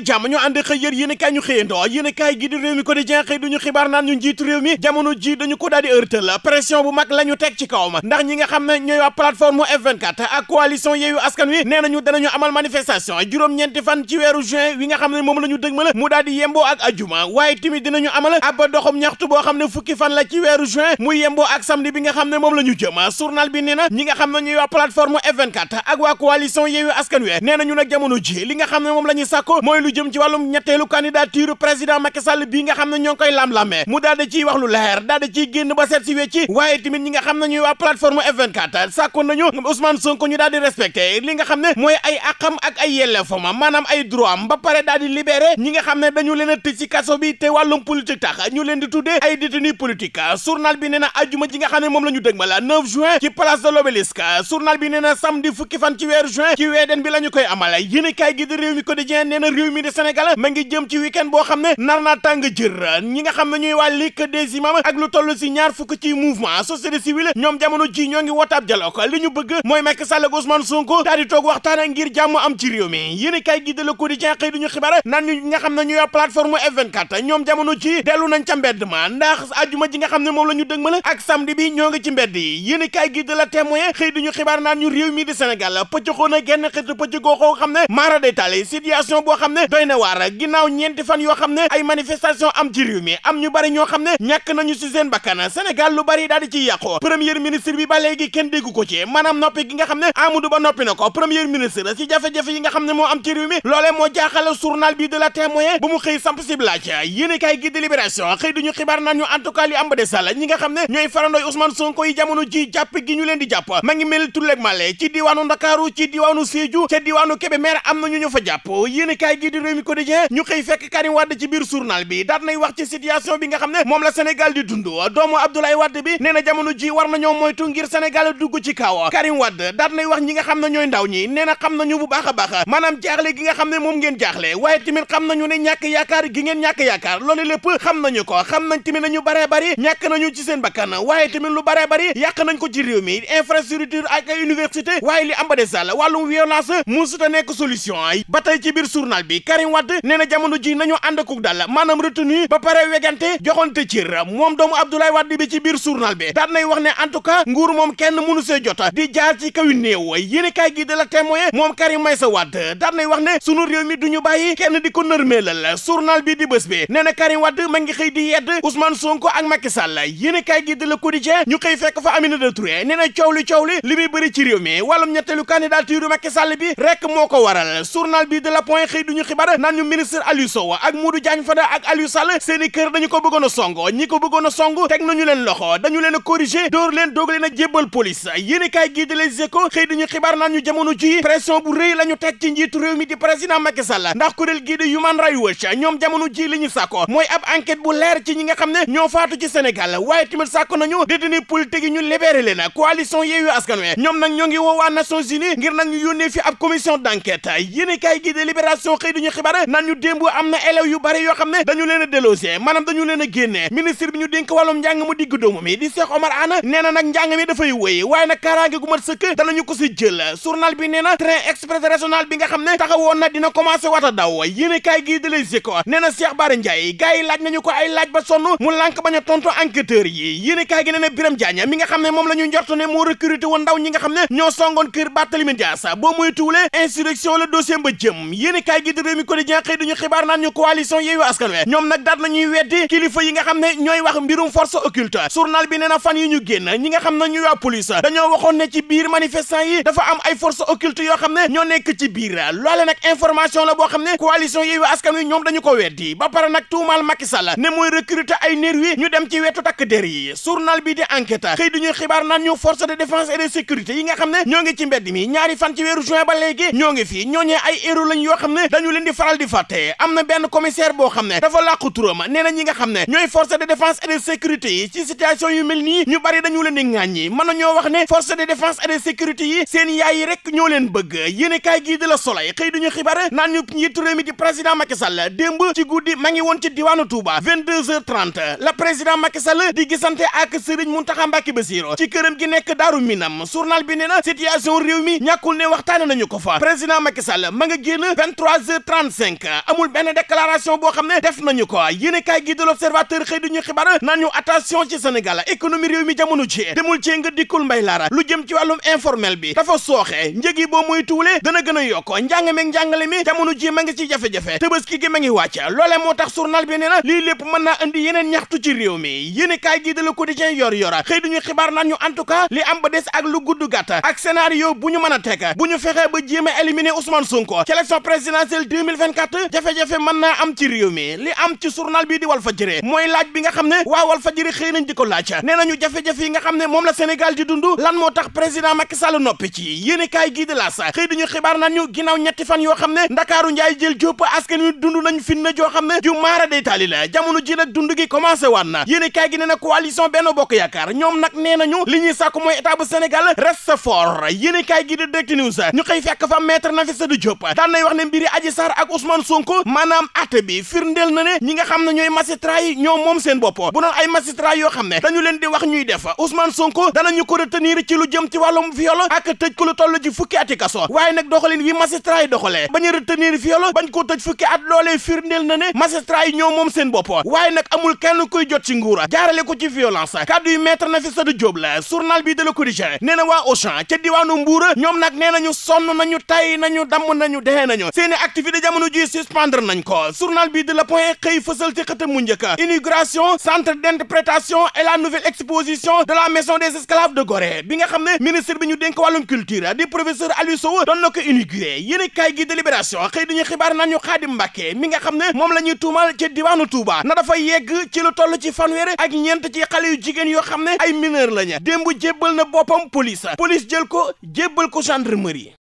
ak jàmm ñu ànd xëy yër yéen jamono ji dañu amal manifestation juróom-ñeenti fan ci weeru juin wi nga xam ne moom la ñu dëgmal mu daal yemboo ak ajuma waaye tamit dinañu amal ab doxum ñaxtu boo xam ne fukki fan la ci weeru juin muy yemboo ak samedi bi nga xam ne moom la ñu jëm bi nee ñi nga xam ne ñuy waa plateforme F24 ak waa coalition Yewwi Askan Wi nee nañu nag jamono ji li nga xam ne moom la ñu mooy lu jëm ci wàllum ñetteelu candidature président Macky Sall nga xam ne ñoo koy lam-lamee mu daal di ciy wax lu leer daal di ciy génn wecci waaye tamit ñi nga xam ne ñuy waa plateforme F24 sàkkoon nañu Ousmane Sonko ñu daal di li nga xam ne mooy ay àqam ak ay yelleefam maanaam ay droit am ba pare ñi nga xam ne dañu leen a ci kaso bi te wàllum politique tax ñu leen di tuddee ay détenu politique journal bi bi nee na samedi fukki fan réew mi di Sénégal ma ngi jëm ci week boo xam ne nar naa tàng jër ñi nga xam ne ñuy waa Ligue des ak lu toll si ñaar fukk ci mouvement société civile ñoom jamono ji ñoo ngi wootaab dialogue li ñu bëgg mooy Macky Sall ak Ousmane Sonko daal di toog ngir jàmm am ci réew mi yéen kay gi de Le Quotidien xibaar naan ñu nga xam ne ñuy plateforme F24 ñoom jamono ji dellu nañ ca mbedd ma ndax ajuma ji nga xam ne moom la ñu dëgmal ak samedi bi ñoo ngi ci mbedd yi yéen kay gi a genn xët pëcc goo xam ne maara day tali boo xam ne ne doy na waar ginnaaw ñeenti fan yoo xam ne ay manifestation am ci mi am ñu bari ñoo xam ne ñàkk nañu si seen bakkan Sénégal lu bari daal di ciy yàqoo premier ministre bi ba léegi kenn déggu ko ci maanaam noppi gi nga xam ne Amadou Ba noppi na ko premier ministre si jafe-jafe yi nga xam ne moo am ci réew mi loolee moo jaaxal journal bi de la témoin bu mu xëy samp si laaj yéen gi di xëy duñu xibaar naan ñu am ba desal ñi ne ñooy farandooy Ousmane Sonko leen di jàpp ma ñu ñu fa jàpp yéen kaay gii di Rewmi Quotidien ñu xëy fekk Karim Wade ci biir journal bi daat nay wax ci situation bi nga xam ne moom la Sénégal di dund doomu Abdoulaye Wade bi nee na jamono ji war nañoo moytu ngir Sénégal dugg ci kaw Karim Wade daat nay wax ñi nga xam ne ñooy ndaw ñi nee na xam nañu bu baax a baax maanaam jaaxle gi nga xam ne moom ngeen jaaxle waaye tamit xam nañu ne ñàkk yaakaar gi ngeen ñàkk yaakaar loolu lépp xam nañu ko xam nañ tamit nañu baree bari ñàkk nañu ci seen bakkan waaye tamit lu baree bari yàq nañ ko ci réew mi infrastructure ak université waaye li am ba des wàllum violence musuta nekk solution ay ba tey ci biir journal bi bi Karim Wade nee jamono ji nañu ànd akuk dal maanaam retenu ba pare wegante joxante cër moom doomu Abdoulaye Wade bi ci biir journal bi daan nay wax ne en tout cas nguur moom kenn mënu see jot di jaar ci kaw yu néew yéen kaay gi de la témoin moom Karim Meïssa Wade daan wax ne sunu réew mi duñu bàyyi kenn di ko nërmeelal journal bi di bés bi nee na Karim Wade ma ngi xëy di yedd Ousmane Sonko ak Macky Sall yéen kaay gi la Quotidien ñu xëy fekk fa Aminata Touré nee na moo ko waral xëy xibaar naan ñu ministre Aliou Sow ak Modou Diagne Fada ak Aliou Sall seen i kër dañu ko bëggoon a song ñi ko bëggoon a song teg nañu leen loxo dañu leen a corrigé dóor leen doog leen a jébbal police yéen i kaay gii xëy dañu xibaar nan ñu jamono ji pression bu rëy la ñu teg ci njiitu réew mi di président Macky Sall ndax kuréel gii di Human Rights Watch ñoom jamono ji li ñu sàkko mooy ab enquête bu leer ci ñi nga xam ne ñoo faatu ci Sénégal waaye tamit sàkko nañu détenu politique yi ñu libéré leen coalition Yewwi Askan Wi ñoom nag ñoo ngi woo waa Nations Unies ngir nag ñu yónnee fi ab commission d'enquête yéen i xëy di ñu xibaar naan ñu démb am na élèves yu bari yoo xam ne dañu leen a délogé dañu leen a génnee bi ñu dénk wàllum njàng mu digg doomu mi di Cheikh Omar Anne nee na nag njàng mi dafay wéy waaye nag kaaraange gu mat sëkk danañu ko si jël journal bi nee na train express bi nga xam ne taxawoon na dina commencé wat daw yéene kaay gii di Les Échos nee na Cheikh Bara Ndiaye gars yi laaj nañu ko ay laaj ba sonn mu lànk bañ ñu njorto ne moo recruté Rewmi Quotidien xëy duñu xibaar naan ñu coalition Yewwi Askan Wi ñoom nag daat nañuy weddi kilifa yi nga xam ne ñooy wax mbirum force occulte journal bi nee na fan yi ñu génn ñi nga xam ne ñu waa police dañoo waxoon ne ci biir manifestant yi dafa am ay force occulte yoo xam ne ñoo nekk ci biir loole nag information la boo xam ne coalition Yewwi Askan Wi ñoom dañu ko weddi ba pare nag tuumaal Macky Sall ne mooy recruter ay nervi ñu dem ci wetu takk der yi journal bi di enquête xëy duñuy xibaar naan ñu force de défense et de sécurité yi nga xam ne ñoo ngi ci mbedd mi ñaari fan ci weeru juin ba léegi ñoo ngi fi ñooñee ay héros leen di faral di fàtte am na benn commissaire boo xam ne dafa làqu turam nee na ñi nga xam ne ñooy force de défense et de sécurité yi ci situation yu mel ñu bari dañu leen di ŋàññi mën na ñoo wax ne force de défense et de sécurité yi seen yaay yi rek ñoo bëgg yéen kaay gii la Soleil xëy duñu xibaar naan ñu njiitu réew di président ma ngi woon ci diwaanu Touba la di gisante ak Serigne Mountakha Mbacké Bassirou ci këram gi nekk Daaru Minam journal bi nee na situation réew mi ne waxtaane nañu ko 35 amul benn déclaration boo xam ne def nañu ko yéene kaay gi de l'observateur xëy di ñu xibaar naan ñu attention ci Sénégal économie réew mi jamono ci demul ci nga dikkul mbay laara lu jëm ci wàllum informel bi dafa sooxe njëg yi boo muy tuule dana gën a yokk njàng meeg njàngale mi jamono ji ma ngi ci jafe-jafe tëbaski gi ma ngi wàcc loolee moo tax journal bi nee na lii lépp mën naa indi yeneen ñaxtu ci réew mi yéene kaay gi de le quotidien yor yora xëy duñu xibaar naan ñu en tout cas li am ba des ak lu gudd gàtt ak bu ñu mën a teg bu ñu fexe ba jéem a éliminer Ousmane Sonko ci élection 2024 jafe-jafe man naa am ci réew mi li am ci journal bii di wal fa fajëre mooy laaj bi nga xam ne waa wal jëre xëy nañ di ko laaj nee nañu jafe-jafe nga xam ne moom la Sénégal di dund lan moo tax président Macky Sall noppi ci yéen i kaay gii di laas xëy dañu xibaar naan ñu ginnaaw ñetti fan yoo xam ne ndakaaru njaay jël jópp askan wi dund nañ fin na joo xam ne ju maara day taali la jamono ji nag dund gi commencé waat na yéen i kaay gi nee na coalition Bokk Yaakaar ñoom nag nee nañu li ñuy sàkku mooy état bu Sénégal reste fort yéen i kaay gii di Direct News ñu xëy fekk fa maître Nafissatou Diop daan nay wax ne mbiri aji Sarr ak Ousmane Sonko maanaam atte bi firndeel na ne ñi nga xam ne ñooy magistrat yi ñoo moom seen bopp bu doon ay magistrat yoo xam ne dañu leen di wax ñuy def Ousmane Sonko danañu ko retenir ci lu jëm ci wàllum viol ak tëj ko lu toll ci fukki ati kaso waaye nag doxalin wi magistrat yi bañu ko tëj fukki at loolee firndeel na ne magistrat yi moom seen bopp waaye nag amul kenn koy jot ci nguura jaarale ko ci violence kàddu yu maître Nafissatou Diop la journal bi na waa Auchan ca diwaanu Mbuur ñoom nag nee nañu de jamono ji suspendre nañ ko journal bi de la point xëy fësal ci xëtam mu njëkk inauguration centre d'interprétation et la nouvelle exposition de la maison des esclaves de Gorée bi nga xam ne ministre bi ñu dénk wàllum culture di professeur Aliou Sow na ko inauguré yéen gi délibération xëy dañu xibaar nañu Xaadim Mbàkke mi nga xam ne moom la ñuy tuumal ci diwaanu Touba na dafa yegg ci lu toll ci fanweer ak ñeent ci xale yu jigéen yoo xam ne ay mineur lañu démb jébbal na boppam police police jël ko jébbal ko gendarmerie